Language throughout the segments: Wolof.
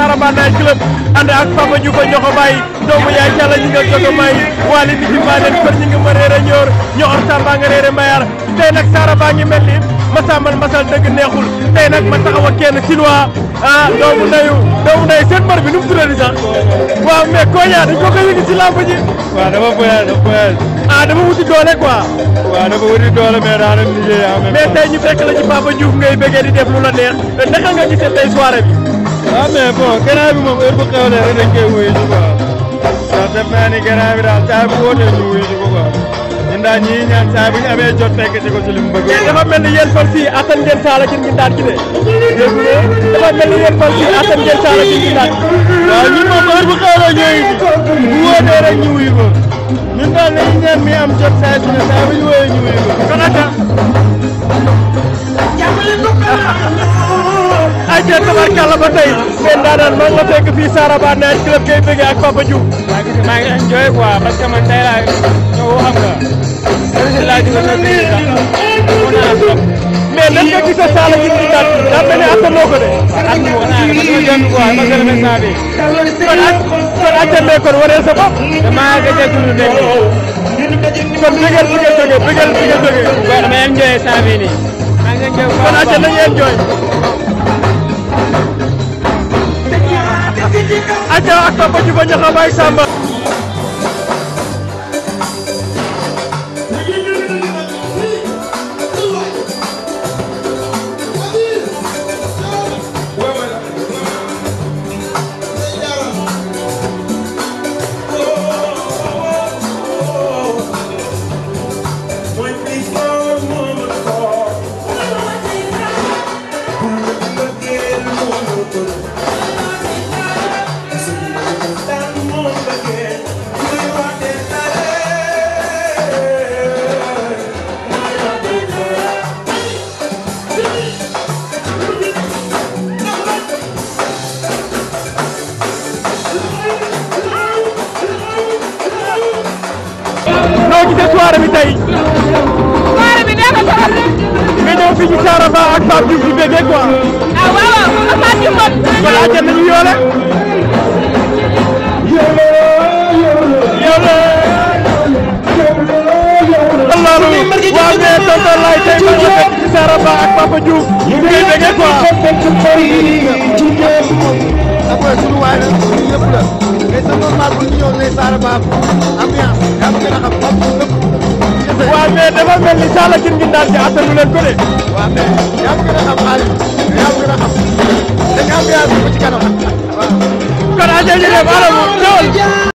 Sarabanda club ànd ak Papa Diouf ñoko bay doomu yaay jalla ñu wali ni ci baalen për ñi nga ma reere ñoor ñoor samba nga reere mayar ngi masal dëgg neexul tey nag ma taxaw ak kenn ah doomu ndayu doomu ndayu seen bar bi nu mu sax waaw mais koña dañ ko ko yëngi ci ji dama dama ah dama wuti doole quoi waaw dama wuti doole mais daanam liggéey mais tey ñu fekk la ci Papa ngay di def lu la neex naka nga gisee soirée bi waaw ah, mais bon gannaaw bi moom heure bu xewlee rek dañ koy wuyu ji quoi ndax def naa ni gannaaw bi daal saa bu wootee ñu wuyu ji ko quoi ñun daal ñii ñaan saa bu ñu amee jot fekk si ko ci li mu bëgg. yéen dafa mel ni yéen far si attan ngeen saala ci ñu daal ci de. dégg nga dafa mel ni yéen far si attan ngeen saala ci ñu daal ci. waaw ñun moom heure bu xewlee ñooyu ji bu wootee rek ñu wuyu ko ñun daal dañuy ñaan mi am jot saa su ne saa bu ñu wooyee ñu wuyu ko. acca tabarkàlla ba tey seen daanaan maa ngi la fekk fii Saraba naaj club ngay bëggee ak Papa Diouf. waaw gis nga maa ngi enjoy quoi parce que man tey laa ñëw xam nga. loolu laa jógee ñëw fii sax mun naa trop. mais nan nga gis a Sala gis nga daal daa mel ne attanoo ko de. waaw attanoo ko naa ne parce que jot quoi ma gën a mel saa bi. kon ak kon acca mais kon waree sa bopp. damaa gëj a dund dégg kon bëggal bi nga jógee bëggal bi nga jógee. waaw damay enjoy saa bi nii. maa ngi enjoy quoi kon acca nañu enjoy. aca ak topp ci waaw mais tonton laay tey maa ngi fekk ci Saraba ak Papa Diouf ñu ngi déggee quoi. après suñu waay la suñu yëpp la mais c'est normal bu ñu ñëw ne Saraba ambiance yaa ngi gën a xam xam lépp. waaw mais dafa mel ni Sala Kine gi daal di attanu leen ko de. waaw mais yaa ngi gën a xam xaalis yaa ngi gën a xam dañu ambiance bu ci kanam. waaw kon àjjee ñu dem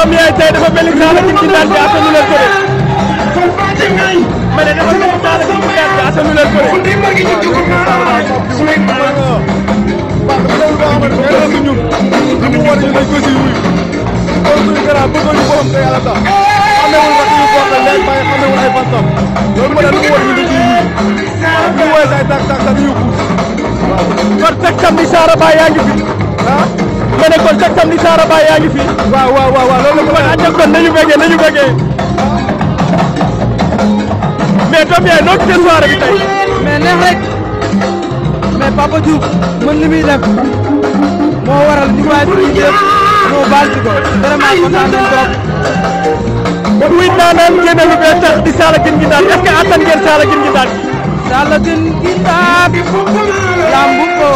doom yooyu tey dafa mel ni Saala ci daan bi attanu leen bëre. ma ne dafa mel ni Saala ci daan bi attanu leen bëre. ñun ñu war ñu dañ ko siy wuyu. loolu suñu garaaw bëggoon ñu borom te yàlla tax. xamewul nag suñu bopp la léegi waaye xamewul ay fantam. loolu ma ne lu war ñu dañ siy wuyu. ñu woowee say tàq tàq dañuy xuus. kon teg tam ni Saara Ba yaa ngi fi ah. nga ne kon chaque samedi Saara Ba yaa ngi fi. waaw waaw waaw loolu la kon ànd kon nañu bëggee nañu bëggee mais Tom yaay noo gisee soirée bi tey. mais neex rek mais Papa Diouf mën li muy moo waral ñu bàyyi suñu jëf moo baal ci ko vraiment kontaan nañu trop. muy naanaan génne lu bee tax di Saala Gine Guindaane est-ce que attan ngeen Saala Gine Guindaane. Saala lambu ko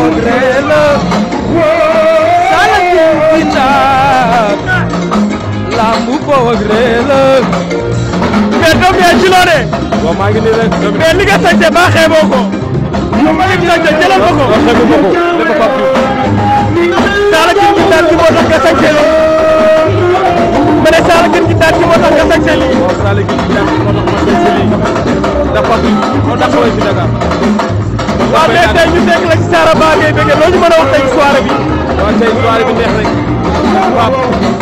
koy naan lamb foo ak ree la mais doom yaa ci loo de waaw maa ngi nii rek mais li nga sañse ba xeeboo ko moom li nga sañse jëlal ma ko xeeboo ma ko dafa fàpp saala gën gi daal ci moo tax nga sañse li ma ne saala gën gi daal ci moo tax nga sañse li waaw saala gën gi daal ci moo tax ma sañse li dafa fàpp moo tax way ci Dakar waaw mais tey ñu fekk la ci Saraba ngay bëgg loo ñu mën a wax tey soirée bi waaw tey soirée bi neex rek Pape dañ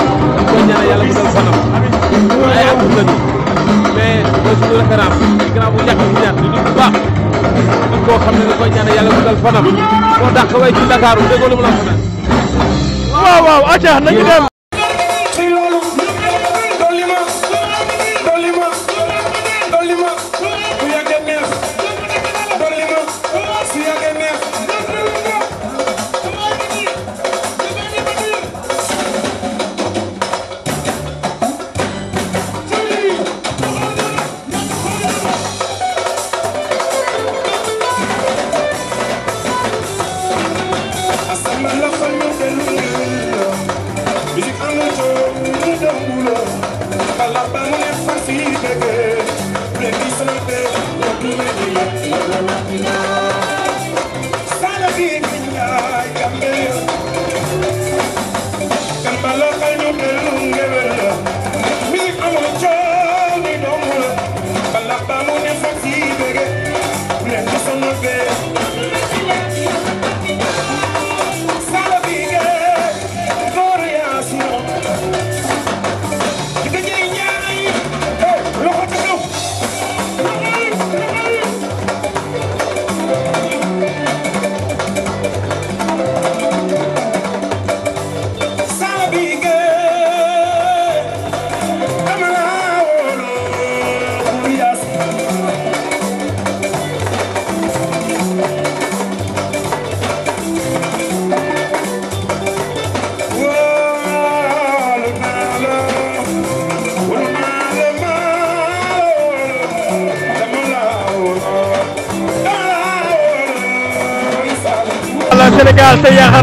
koy ñaanal yàlla mu dal fanam ay at la ñu mais waaw waaw acca nañu dem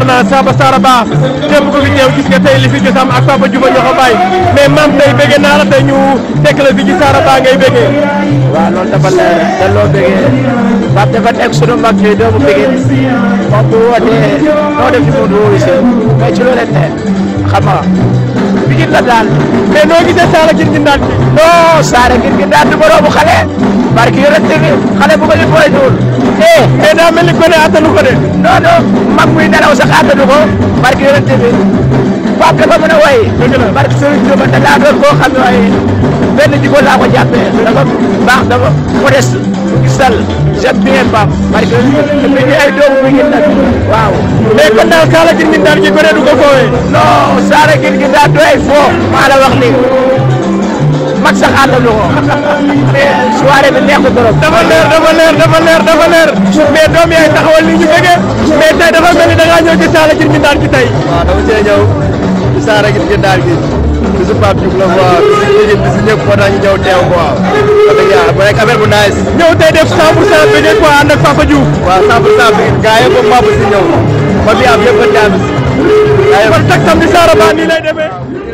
yaakaar naa Saba Sara Ba képp ku fi nga tey li fi gis am ak Papa Juba ñoo bay mais maam tey bëgg naa la tey ñu tekk la fi ci Sara Ba ngay bëggee. waaw loolu dafa leer te loo bëggee ba dafa teg sunu mag doomu bëggee moom bu wootee noo def ci du wuyu si ci loolee ne xam Guine la daal mais noo gisee Saara Guine daal bi. Saara Guine daal du moroomu xale barke yorante bi xale bu booy duul. eh mais daa mel ni gone attanu de. non non mag muy nelaw sax attanu ko barke yorante bi. Pape dafa mën a way. dëgg la barke Serigne Touba da laa doon koo xam ne waaye benn jikko laa ko jàppee dafa baax dafa modeste gisal j'aime bien Pape barke mi ngi ay doomu mi ngi nag waaw. mais kon daal Kaala Girgir daal gi gone du ko foowee. non Saara Girgir daal doy foo maa la wax nii mag sax àndal na ko mais soirée bi neex na trop. dafa leer dafa leer dafa leer dafa leer mais doom yaay taxawal ni ñu bëggee mais tey dafa mel ni da ngaa ñëw ci Saala Girgir daal gi tey. waaw dama see ñëw. bi saa rek daal gi bisu Pape Diouf la quoi bisu bisu ñëpp moo tax ñu ñëw teew quoi wax dëgg yàlla bu nekk affaire bu nice ñëw waaw 100 pour cent bi gaa yëpp ba Pape si ñëw ba bi am yëpp a jaam si kon tak tam di saara baa nii lay demee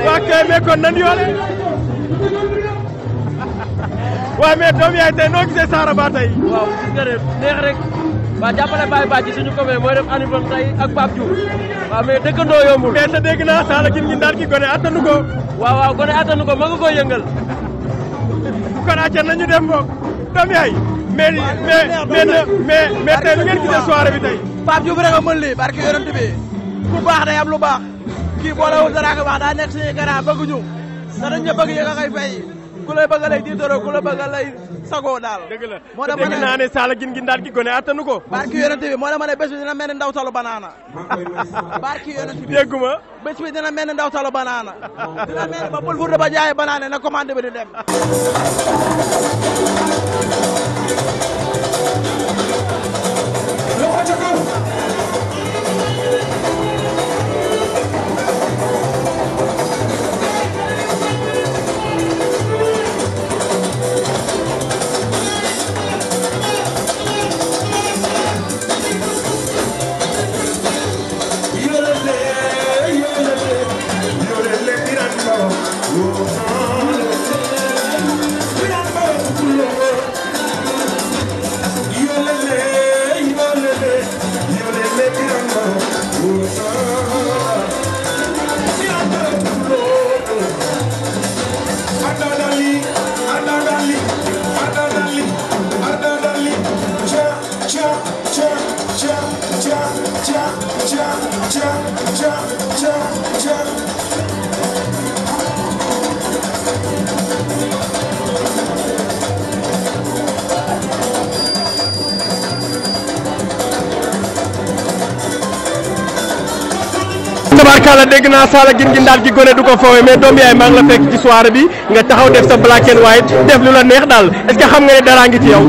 waa kay mais kon nan yoole waaw mais doom yaay tey noo gisee saara baa tey waaw jàppale Baye Badji suñu commune mooy def animam tey ak Pape Diouf waaw mais dëkkandoo yombul mais te dégg naa saala kin ñi daal ki gone attanu ko waaw waaw gone attanu ko ma nga koy yëngal kon acca nañu dem boog doom yaay mais mais mais mais tey lu ngeen gisee soirée bi tey a barke yonent bi ku baax day lu baax kii boolewul dara ak baax daa nekk suñu garant bëgg ñu danañ ñu bëgg yëg a koy ku la bëgg a lay tiitaroo ku la bëgg a lay sagoo daal moo tax ma ne naa ne saala gin gi ndaat gi ko barki yonent bi moo tax ma ne dina mel ni banaana barki yonent bi dégguma bés bi dina mel ni banaana dina mel ba bul furde ba jaay banaane na commande bi di dem Thank you. tubaarkalla dégg naa saala gin gi ndaat gi gone du ko foowe mais doom yaay maa ngi la fekk ci soirée bi nga taxaw def sa black and white def lu la neex daal est-ce xam nga ne daraa ngi ci yow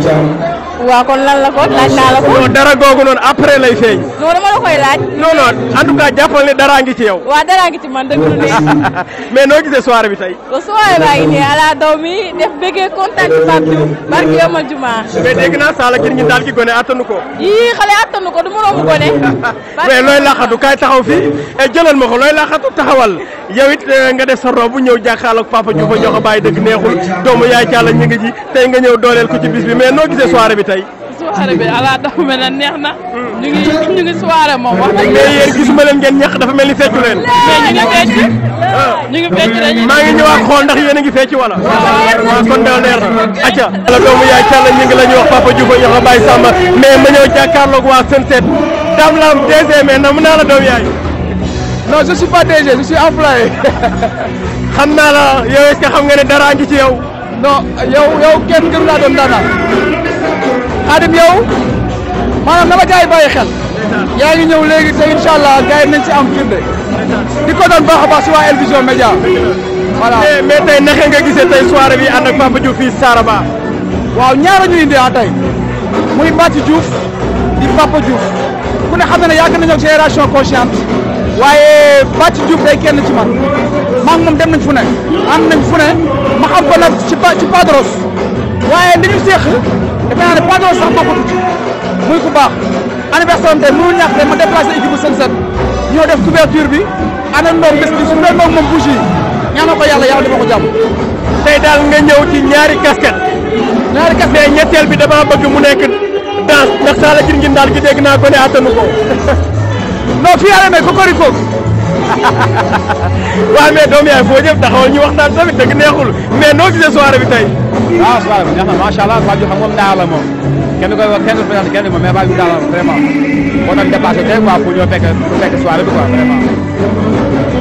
waaw kon lan la ko laaj naa ko. non dara googu noonu après lay feeñ. non dama la koy laaj. non non en tout cas ngi ci yow. waaw daraa ngi ci man dëgg la mais noo gisee soirée bi tey. ba soirée baa ngi nii ala daw mi def bëggee kontaan ci Pape Diouf barki yomal juma. mais dégg naa Sala kii ñu daal ko. yii xale attanu ko du ma romb gone. mais looy laxatu kaay taxaw fii et eh, jëlal ma ko looy laxatu taxawal yow it eh, nga def sa robe a a bàyyi dëgg neexul doomu yaay Diallo ñu ngi ji tey bi mais noo gisee bi tey soirée bi ala dafa mel ne neex na. ñu ngi ñu ngi soirée moom wax dëgg mais gisuma leen ngeen ñax dafa mel ni feccu leen. mais ñu ngi fecc. ñu ngi maa ngi ñëwaat xool ndax yéen a ngi fecc wala. waaw kon daal leer na. acca la doomu yaay Thiel ñu ngi la ñuy wax Papa Diouf ak Yaxa Baye mais ma ñëw jàkkaarloog waa Sunset Dame Lam DG mais namu naa la doomu yaay. non je suis pas DG je suis xam naa la yow est xam nga ne dara ngi ci yow. non yow yow kenn gënu laa doon dara. adam yow manam dama jay baye xel yaangi ñëw léegi te inshallah gay nañ ci am firde diko don baxa baax ci wa elvision Média voilà mais tay naxé nga gisé tay soirée bi ànd ak Papa Diouf fi Saraba waaw ñaara ñu indi ah tey muy Bathie Diouf di Papa Diouf ku ne xamna yaak nañu ak génération consciente waye Bathie Diouf day kenn ci man maam mom dem nañ fu ne am nañ fu ne ma xam ko nag ci ci Padros waye li ñu seex ñaare Pato sax bokkatu ci muy ku baax anniversaire am tey mënul ma déplacé équipe bu ñoo def couverture bi àndandoo bés bi su dee noonu moom bougie yi ñaanal ko yàlla yàlla dafa ko jàmm. tey daal nga ñëw ci ñaari casquette ñaari casquette ñetteel bi dama bëgg mu nekk danse ndax saa la jërë ngeen daal gi dégg naa ko ne attanu ko non fii yaa ngi ne waaw mais doom yaay foo jëm taxawal ñu waxtaan tamit dëgg neexul mais noo gisee soirée bi tey. waaw ah, soirée bi neex na macha allah Babou Diouf xam nga daal la moom kenn koy wax kenn présenté kenn moom mais Babou Diouf daal la vraiment boo doon dépassé tey quoi pour ñoo fekk pour fekk soirée bi quoi vraiment.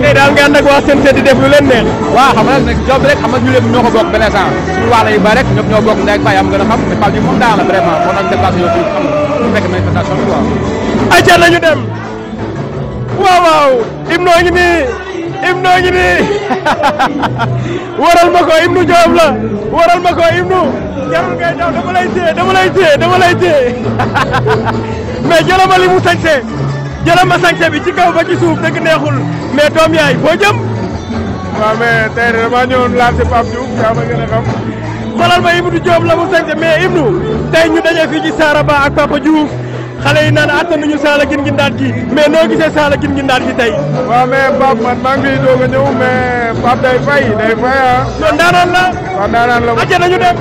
tey daal nga ànd ak waa di def lu leen neex. waaw xam nga nag job rek xam nga ñu lépp ñoo ko bokk benn sens suñu wàll ba rek ñëpp ñoo bokk ndey ak baay am gën a xam moom daal la vraiment boo waaw waaw imno ngi ni imno ngi ni waral mako ko Ibnu Joob la waral mako ko Ibnu jarul ngay daw dama lay téye dama lay téye dama lay téye mais jëlama li mu sañse jëlama sañse bi ci kaw ba ci suuf dëgg neexul mais doom yaay foo jëm. waaw mais tey de damaa ñëwoon lancé Pape Diouf ibu ma gën xam. xoolal ma Ibnu Joob la mu sañse mais Ibnu ñu ci Saraba ak Papa xale yi naan sa saala gin gindaat gi mais noo gisee saala gin gindaat gi tey waaw mais Pape man maa ngi doog a ñëw mais Pape day fay day fay ah non la waaw ndaanaan la acca nañu dem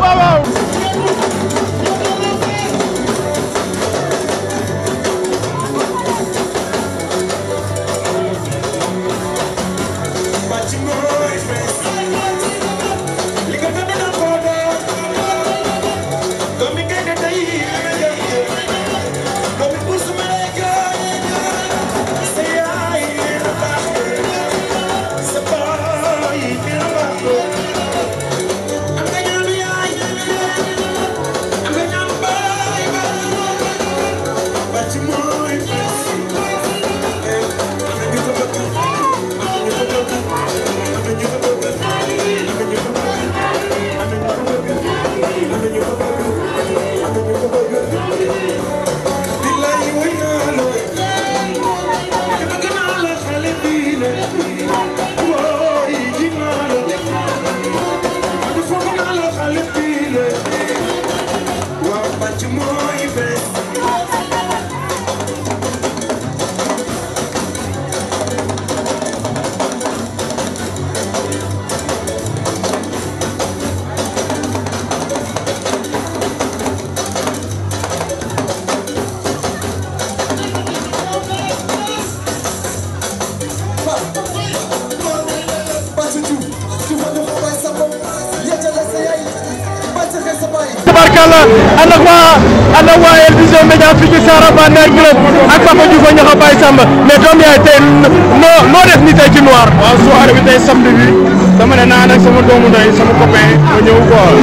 waaw Kalla ànd waa ànd ak waa El Vision Médias fii ci ak Papa Diouf ak Niakha Baye Samba mais doom yaay tey noo noo def ni tey ci noir. waaw soirée bi tey samedi bi naa nag sama doomu ndey sama copain ma ñëw quoi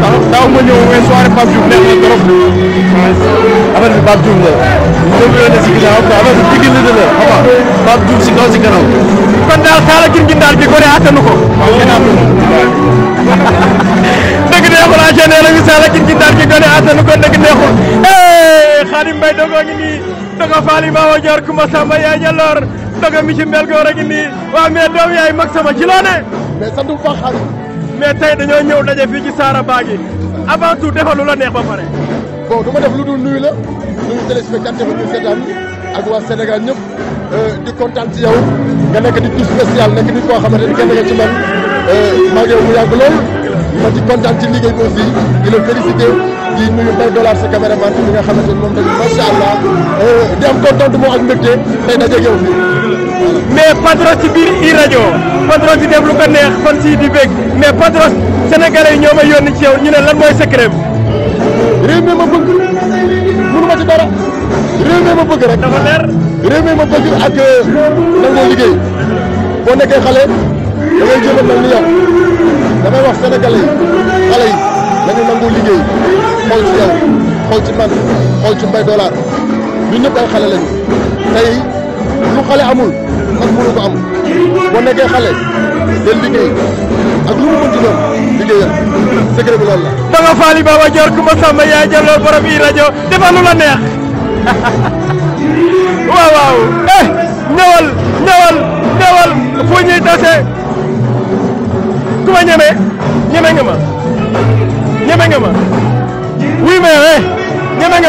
ndax daaw ma ñëw mais soirée Pape Diouf neex na trop. affaire bi si kaw si kanam. kon daal taal ak gin gin daal bi ko ne attanu ko. waaw yéen a dëgg neexul a nee na misaal ak kin ki ndar ki gone àttanu ko dëgg neexul Xaadim Mbay dogoo ngi nii dogo faali maa wa joor kuma samba yaay ñaloor dogo mi ci mbel goor a ngi mag sama ci loo ne mais sant bu ñëw daje fii ci Saara Baagi avant tout defal lu la neex def lu dul nuyu la nuyu téléspectateur ñu seetaan ak waa Sénégal ñëpp euh, di kontaan ci nga nekk di tout spécial nekk nit koo xamante ni kenn nga ci man Euh, maa ngi mu yàgg lool ma ci kontaan ci liggéey bi aussi di la félicité di nuyu Mbaye Dollar sa caméraman bi nga xamante ni moom tamit macha allah euh, di am contentement ak mbégte tey dajeeg yow fii. mais patron ci biir i rajo patron di def lu ko neex fan si di bég mais patron sénégalais yi ñoo ma yónni ci yow ñu ne lan mooy secret bi. réew mi ma bëgg mënu ma ci dara réew mi ma bëgg rek. dafa ma bëgg ak nangoo euh, liggéey boo nekkee xale. damay jéem a mel ni yow damay wax sénégalais yi xale yi nañu nangu liggéey xool yow xool ci man xool ci mbay dollar ñun ñëpp xale lañu tey lu xale amul man mënu ko am boo nekkee xale del liggéey ak lu mu mënti doon liggéeyal secret bi loolu la. ba nga faali Baba ma sàmm yaay jëloon borom yi rajo defal lu la neex waaw waaw eh ñëwal ñëwal ñëwal fu ñuy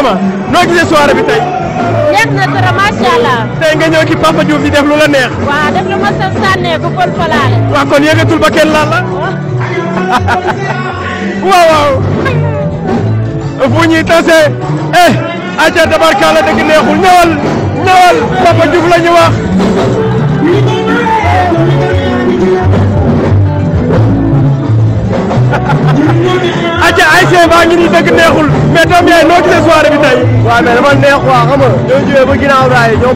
Adama noo gisee soirée bi tey. neex na trop macha allah. nga ñëw ki Papa Diouf di def lu la neex. waaw def lu ma saf sànnee bu bon fa laale. waaw kon yëgatul ba kenn laal la. waaw waaw. fu ñuy tase eh aja tabarkalla dëgg neexul ñëwal ñëwal Papa Diouf la ñu wax. ayca ayca baa ngi nii dëgg neexul mais doom yaay noo gisee soirée bi tey. waaw ba ginnaaw raay de.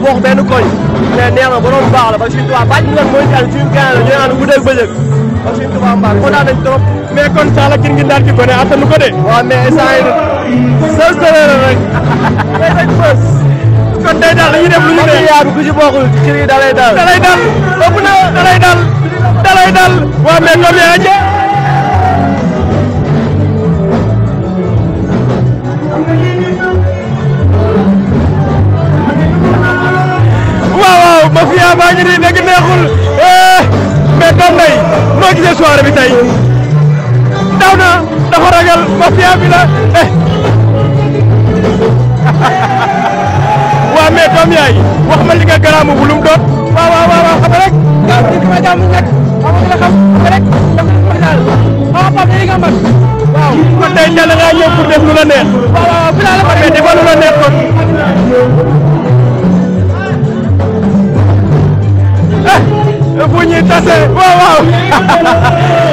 dañ fës. lu ne. kon yaa bi ku ci bokkul ci kii dalay daal. dalay combat baa ngi nii nekk neexul eh, mais doom nay noo gisee soirée bi tey daw na dafa ragal mafia bi la eh waaw mais doom yaay wax ma li nga garaamu bu lum doon waaw waaw waaw xam rek gaaw ci li ma jàmm nekk xam nga xam rek dama ko daal waaw papa li nga mat waaw kon tey da nga ñëw pour def lu la neex waaw waaw final la mais defal lu la neex kon te fu waaw waaw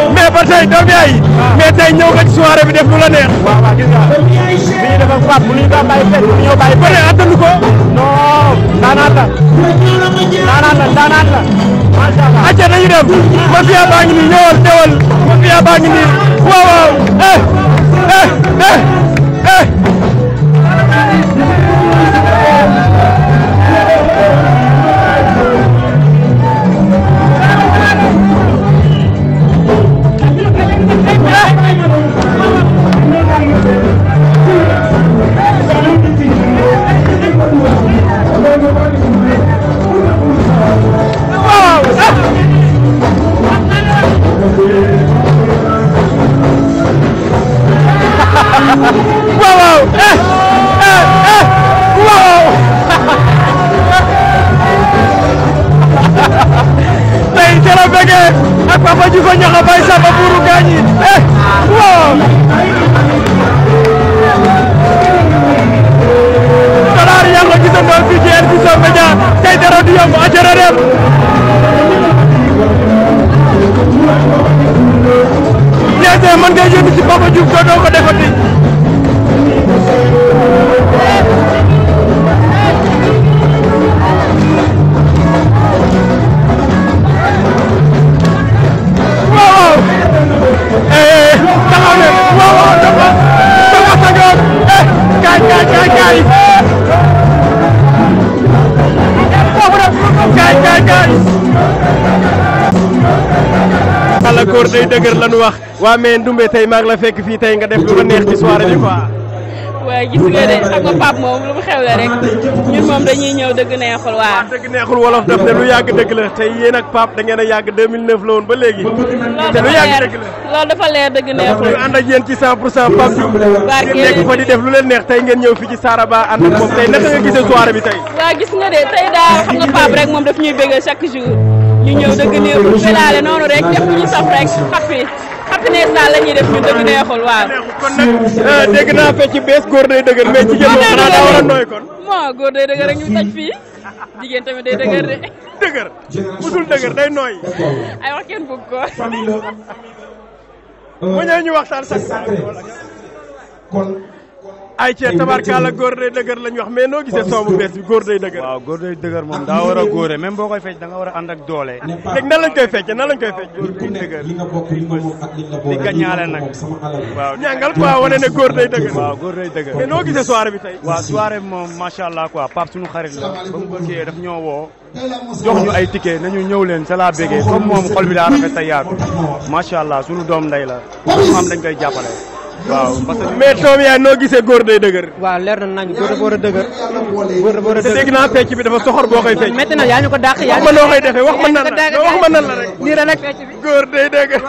mais ba tey doom yaay mais tey ñëw nga ci bi def lu la neex. bi ñuy def ak Pape bu ñu ko bàyyi fekk bu ñëw bàyyi bëre attanu ko. non daanaan la daanaan la daanaan la macha allah. acca dañu dem mafia baa ngi nii waaw waaw eh. waa mais Ndoumbé tey maa la fekk fii tey nga def lu ma neex ci soirée bi de xam nga Pape moom lu mu xew la rek ñun moom dañuy ne lu yàgg dëgg la tey yéen ak Pape da a yàgg 2009 la woon ba léegi. te lu yàgg dëgg la loolu dafa leer dëgg neexul. ci 100 pour 100 Pape Diouf. fa leen neex tey ngeen ñëw fii ci Saraba ànd ak moom tey naka nga gisee soirée bi tey. waaw gis nga de tey daal xam nga Pape rek moom daf ñuy bëgg chaque jour ñu ñëw dëgg neexul felaale noonu rek def ñu saf rek xappi partenaire sa la ñuy def ñu dëgg neexul waaw. kon nag euh, dégg naa fecc bees góor day dëgër mais ci jëm xanaa daa war a nooy kon. waaw góor day dëgër rek ñu taj fii tamit day dëgër de. dëgër musul dëgër day nooy. ay wax kenn bëgg ko. mu ñëw ñu waxtaan sax. kon. ay cee tabarkaala góor day dëgër lañ wax mais noo gisee soobu bees bi góor day dëgër waaw góor day dëgër moom daa war a góore même boo koy fecc da nga war a ànd ak doole léegi nan lañ koy fecce nan lañ koy fecc góor day dëgër di gañaale nag waaw ñàngal quoi wane ne góor day dëgër waaw góor day dëgër mais noo gisee soirée bi tey waaw soirée bi moom macha allah quoi Pape suñu xarit la ba mu bëggee daf ñoo woo jox ñu ay ticket nañu ñëw leen sa laa bégee moom xol bi daa rafet te yaatu macha allah sunu doom nday la xam dañ koy jàppale waaw parce que mais Tom yaay noo gisee góor day dëgër waaw leer na nañ góor dafa war a dëgër góor dafa war a dëgër dégg naa fecc bi dafa soxor boo koy fecc métti na yaa ñu ko dàq yaa ma noo koy defee wax ma nan la wax ma nan la rek nii rek góor day dëgër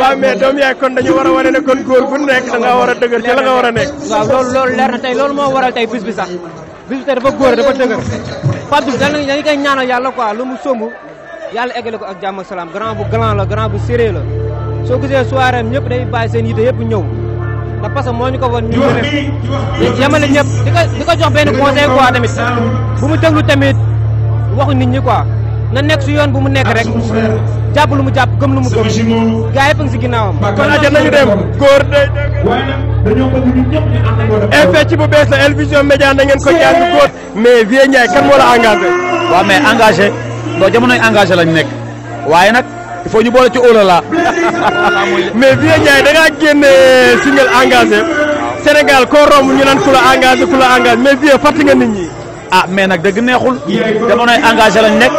waaw mais doom yaay kon dañu war a wane ne kon góor gu nekk da nga war a dëgër ci la nga war a nekk waaw loolu loolu leer na tey loolu moo waral tey bis bi sax bis bi tey dafa góor dafa dëgër Pape Diouf dañu koy ñaanal yàlla quoi lu mu somb yàlla eggale ko ak jàmm ak salaam grand bu galant la grand bu sérieux la soo gisee soirée am ñëpp day bàyyi seen yite yëpp ñëw ndax parce que moo ñu ko woon ñu ñëpp yemale ñëpp di ko di ko jox benn a tamit bu mu déglu tamit waxu nit ñi quoi na nekk si yoon bu mu nekk rek jàpp lu mu jàpp gëm lu mu gëm gaa yëpp a ngi si ginnaawam. kon aja nañu dem góor day dégg. fecc bu bees la El Vision Médias na ngeen ko jàng góor. mais Vieux Ndiaye kan moo la engagé. waaw mais engagé boo jamonoy engagé lañ nekk waaye nag. il faut ñu boole ci olala mais Vieux Ndiaye da ngaa génne single engagé Sénégal koo romb ñu naan ku la engagé ku la engagé mais Vieux fàtte nga nit ñi. ah mais nag dëgg neexul. jamonoy engagé lañ nekk.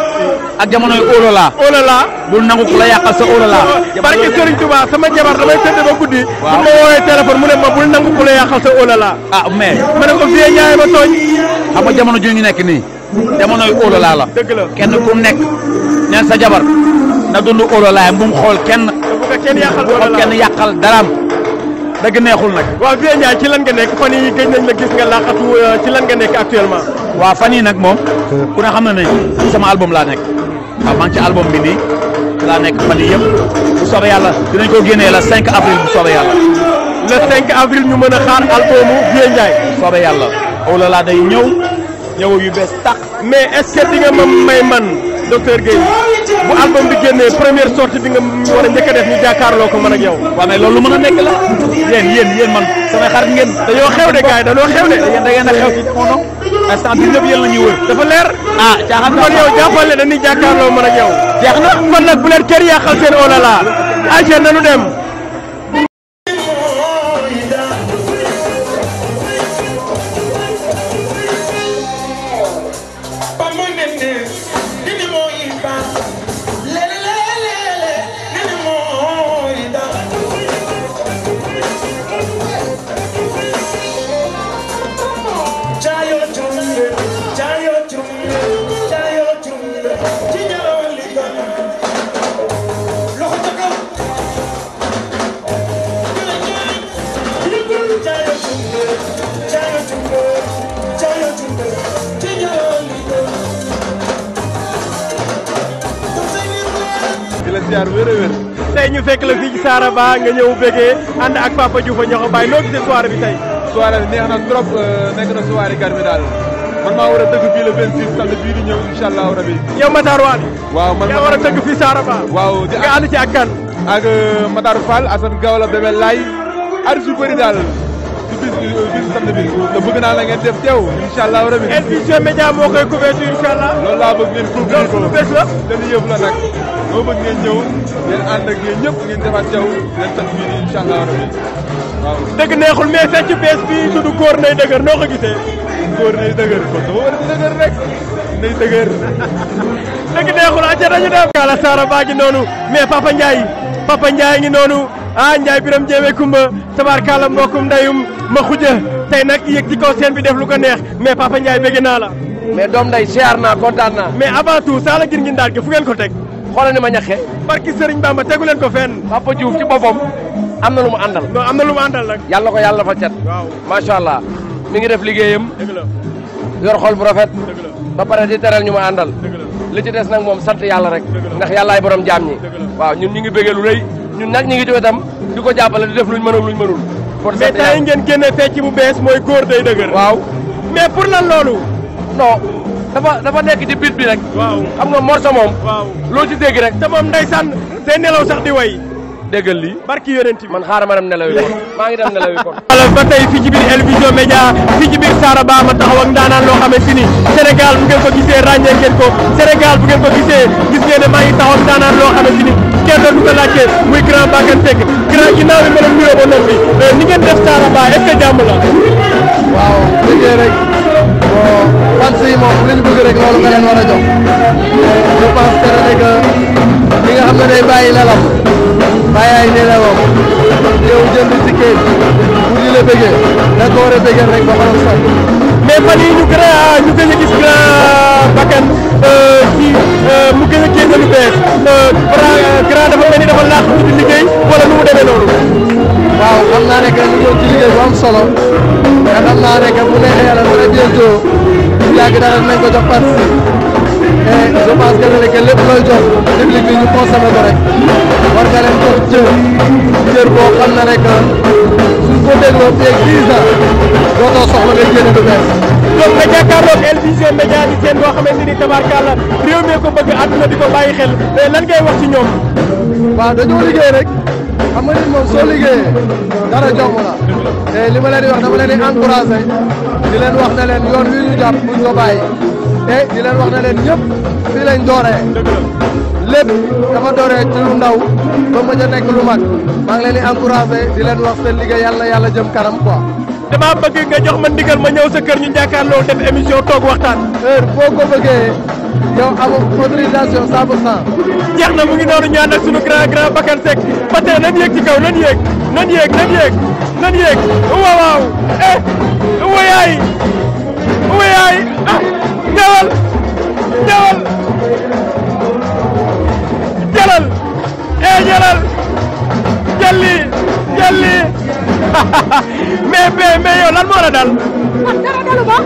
ak jamonoy olala. olala bul nangu ku la yàqal sa la barke Serigne Touba sama jabar damay tëdd ba guddi. waaw bu ma woowee téléphone mu ne ma bul nangu ku la yàqal sa olala. ah mais. ma ne ko Vieux Ndiaye ma tooñ. xam nga jamono ju ñu nekk nii. jamonoy olala la. dëgg la kenn ku nekk neen sa jabar. na dund óololaayam bu mu xool kenn. bu ko kenn yàqal xool kenn yàqal daraam. dëgg neexul nag. waaw Vieux ci lan nga nekk fan yii gëj nañ la gis nga laqatu euh, ci lan nga nekk actuellement. waaw fan yii nag moom. ku ne xam na ne sama album laa nekk. waaw maa ngi ci album bi nii laa nekk fan yii yëpp bu soobee yàlla dinañ ko génnee la 5 avril bu soobee yàlla. le avril ñu mën a xaar albumu Vieux Ndiaye. soobee yàlla óololaa day ñëw ñëw yu bees tàq. mais est-ce que di may man bu album bi génnee première sortie bi nga war a njëkk a def ñu jàkkaarloo ko man ak yow. waaw mais loolu mën a nekk la yéen yéen yéen man samay xarit ngeen. dañoo xew de gars yi xew de. yéen da ngeen a xew ci fondo instant bi ñëpp yéen la ñuy wër. dafa leer. ah caaxaan kon yow jàppal ne dañuy man ak yow. jeex na kon nag bu leen kenn yàqal seen olala. Oh ayca nanu dem. Saara Ba nga ñëw bëggee ànd ak Papa Diouf ñoxo Baye suara gisee soirée bi tey. soirée bi neex na trop euh, nekk na soirée garmi daal man maa war a dëgg fii le 26 samedi bii di ñëw incha allah rabi. yow Matar Wade. waaw man yaa war a dëgg fii Saara Ba. waaw di nga ci ak kan. ak euh, Matar Fall Assane Gawla Bébé Laye artiste yu bëri daal ci bis euh, bëgg naa la ngeen def teew allah allah. ngeen ànd ak yéen ñëpp ngeen defaat jaww ngeen toj rabi dëgg neexul mais fecc bees bii tudd góor nay dëgër noo ko gisee. góor nay a dëgër rek nay dëgër. dëgg neexul ah ca dañu dem. Kala baa ngi noonu mais Papa Ndiaye Papa Ndiaye ngi noonu ah Ndiaye biram jéeme kumba tabaar kàlla mbokkum ndayum ma xuja tey nag yëg ci kaw bi def lu ko neex mais Papa Ndiaye bëgg naa la. mais doom nday siyaar naa kontaan naa. mais avant tout saa la gir ngi ndaat ko teg. xoolal ni ma ñaxee. barki Serigne Bamba tegu ko fenn. Papa Diouf ci boppam am na lu mu àndal. non na lu mu àndal nag. yàlla ko yàlla fa cet. waaw macha allah mi ngi def liggéeyam. dëgg la yor xol bu rafet. ba pare di teral ñu ma àndal. li ci des nag moom sant yàlla rek. ndax yàllaay borom jaam ñi. waaw ñun ñu ngi bëggee lu rëy ñun nag ñu ngi ci wetam di ko jàppale di def luñ mënul luñ mënul. pour sant yàlla mais temps yi mooy góor day dëgër. waaw mais pour lan loolu. non dafa dafa nekk ci biit bi rek. waaw xam nga morso moom. waaw loo ci dégg rek. te moom ndeysaan day nelaw sax di way. déggal lii barki yonent man xaaral ma dem nelaw yi maa ngi dem nelaw yi kon. wala ba tey fii ci biir El Vision Média fii ci biir Saraba ma taxaw ak ndaanaan loo xamante ni Sénégal bu ngeen ko gisee ràññee ngeen ko Sénégal bu ngeen ko gisee gis ngeen ne maa ngi taxaw ak ndaanaan loo xamante ni kenn du ko laajte muy grand Bakane Seck grand ginnaaw bi ma leen nuyoo ba noppi ni ngeen def Saraba est ce que jàmm la. waaw dëgg rek bon. fan si moom li ñu bëgg rek loolu nga leen war a jox je pense que rek li nga xam ne day bàyyi lalam bàyyi ay nelawam yow jënd si kéem pour ñu la bëggee da ko war a bëggee rek ba xolam sax. mais fan yii ñu gën a ñu gën a gis grand euh, Bakane euh, ci euh, mu gën a génn lu bees grand dafa mel ni dafa laax ci liggéey wala nu mu demee noonu. waaw xam naa ne que ñu ngi ci liggéey bu am solo te xam naa ne que bu neexee yàlla très bientôt. yàgg dara nañ ko jox parti et eh, je pense que ne que lépp looy jox public bi ñu consommé ko rek war nga leen jox cër cër boo xam ne rek ah, suñ ko dégloo fii ak 10 ans dootoo soxla ngay génne lu bees. donc nga jàkkaarloog El Vision Médias di seen boo xamante ni tabarkàlla réew mi ko bëgg àdduna di ko bàyyi xel mais eh, lan ngay wax ci ñoom. waaw dañoo liggéey rek. xam nga nit moom soo liggéeyee dara jomb la te eh, li ma leen di wax dama leen di encouragé di leen wax na leen yoon wi ñu jàpp buñ ko bàyyi di leen wax na leen ñëpp fii lañ dooree lépp dafa dooree ci lu ndaw ba mën a nekk lu mag maa ngi leen di encouragé di leen wax seen liggéey yàlla yàlla jëm kanam quoi dama bëgg nga jox ma ndigal ma ñëw sa kër ñu jàkkaarloo def émission toog waxtaan heure boo ko bëggee yow amul autorisation 100 pour jeex na mu ngi noonu ñaan ak suñu grand grand Bakar Seck ba tey nan yéeg ci kaw nan yéeg nan yéeg eh, uma yaay uma yaay ah ñëwal ñëwal jëlal ee jëlal jëlli eh, jëlli mais mais mais yow lan moo la dal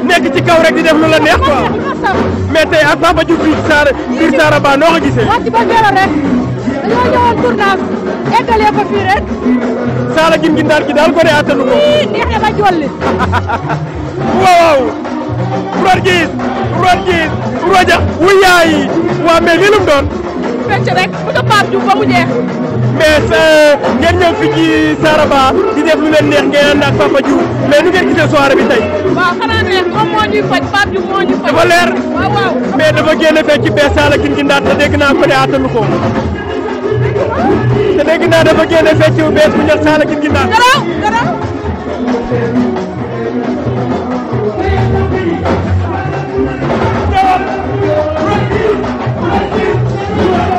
nekk ci kaw rek di def lu la neex quoi mais tey ak Saara biir Saara Ba noo eggalee ko fii rek. saala gin gin daal gi daal ko ne attanu ko. ii neex na ba jolli. waaw. root giis root giis roja wuyaayi waa mais lii lu mu doon. fecc rek bu ko Pape Diouf ba mu jeex. mais ngeen ñëw fi ci Saraba di def lu leen neex ngeen ànd ak Papa Diouf mais nu ngeen gisee soirée bi tey. waaw xanaa neex moom moo ñuy faj Pape Diouf moo ñuy faj. dafa leer. waaw waaw mais dafa génn fecc ci bees saala gin gin daal te dégg naa ko ne attanu ko. te dégg naa dafa génne fecc bu bees bu ñor saala gin ginnaaw. garaaw garaaw.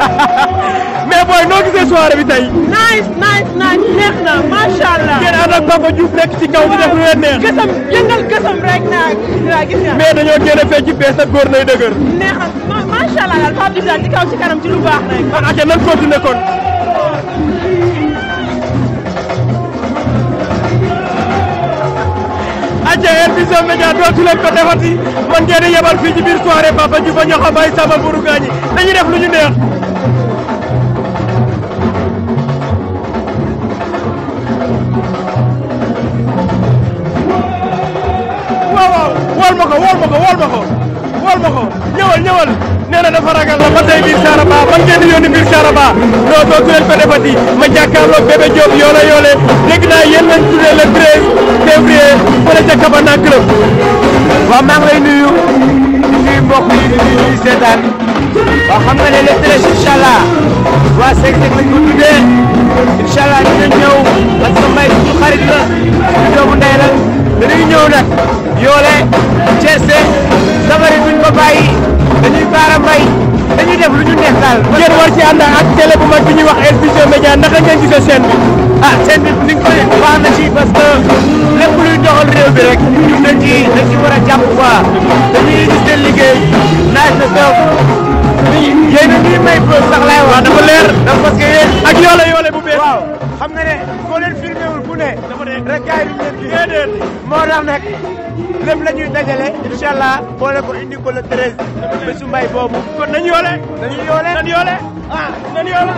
mais booy noo gisee soirée bi tey. nice nice nice neex na macha nekk ci kaw di def lu leen neex. gësam yëngal rek naa gis naa. mais dañoo génne fecc bees ak góor nay dëgër. neexal macha allah daal Pape Diouf daal ci kaw ci kanam ci lu baax rek. kon ak nan continué kon. aca El Vision Médias dootu leen ko defati man ngeen di yebal fii ci biir Papa Diouf a ñoxo bay sama buru gaañi dañuy def lu ñu neex ne dafa ragal la ba tey bir Saraba man ngeen di yónni biir Saraba loolu dootu leen ko defati ma jàkkaarloog Bébé Diop yoole yoole dégg naa yéen lañ tuddee le 13 février fële ca Kabana club. waaw maa ngi lay nuyu di nuyu mbokk yi di nuyu seetaan waaw xam nga le 13 incha allah waa Seck lañ ko tuddee incha allah dinañ ñëw ak sa mbay suñu xarit la suñu doomu ndey la dinañ ñëw nag yoole Thiès Sabari duñ ko bàyyi. dañuy baara mbay dañuy def lu ñu neex daal. ngeen war ci ànd ak télé bu mag bi ñuy wax El Vision Médias a ngeen gisee chaîne bi. ah chaîne bi ni nga ko baax na ci parce que lépp luy doxal réew bi rek ñun dañ ci war a jàpp la dañuy gis liggéey naaj na teew. a ngi may preuve sax laay wax. dafa leer dafa parce que ak yoole yoole bu bees. ne rek gars yi duñ leen gis moo tax nag lépp la ñuy dajale incha allah boole ko indi ko le treize bésu mbay boobu kon nañu yoole nañu yoole nañu yoole ah nañu yoole